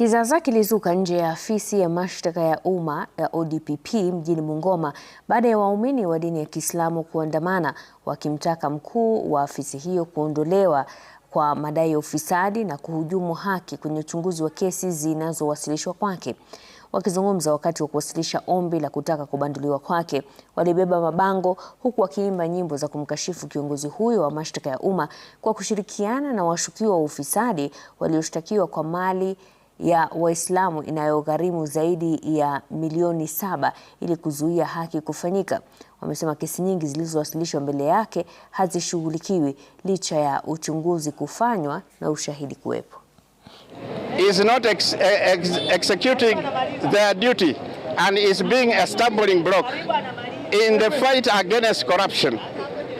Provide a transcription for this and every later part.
kizaza kilizuka nje ya afisi ya mashtaka ya umma ya ODPP mjini Bungoma baada ya waumini wa dini ya Kiislamu kuandamana wakimtaka mkuu wa afisi hiyo kuondolewa kwa madai ya ufisadi na kuhujumu haki kwenye uchunguzi wa kesi zinazowasilishwa kwake. Wakizungumza wakati wa kuwasilisha ombi la kutaka kubanduliwa kwake, walibeba mabango huku wakiimba nyimbo za kumkashifu kiongozi huyo wa mashtaka ya umma kwa kushirikiana na washukiwa wa ufisadi walioshtakiwa kwa mali ya Waislamu inayogharimu zaidi ya milioni saba ili kuzuia haki kufanyika. Wamesema kesi nyingi zilizowasilishwa mbele yake hazishughulikiwi licha ya uchunguzi kufanywa na ushahidi kuwepo. Is not ex e, ex executing their duty and is being a stumbling block in the fight against corruption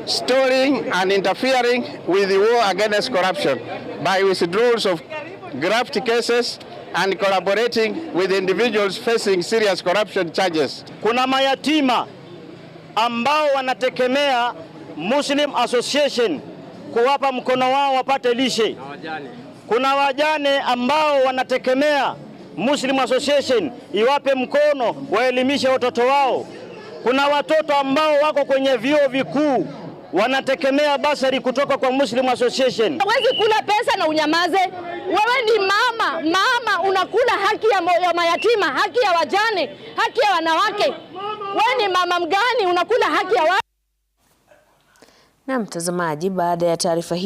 stalling and interfering with the war against corruption by withdrawals of graft cases and collaborating with individuals facing serious corruption charges. Kuna mayatima ambao wanategemea Muslim Association kuwapa mkono wao wapate lishe. Kuna wajane ambao wanategemea Muslim Association iwape mkono waelimishe watoto wao. Kuna watoto ambao wako kwenye vyuo vikuu wanategemea basari kutoka kwa Muslim Association. Wengi kula pesa na unyamaze. Wewe ni mama, mama unakula haki ya mayatima, haki ya wajane, haki ya wanawake. Wewe ni mama mgani unakula haki ya wa... Na mtazamaji, baada ya taarifa hii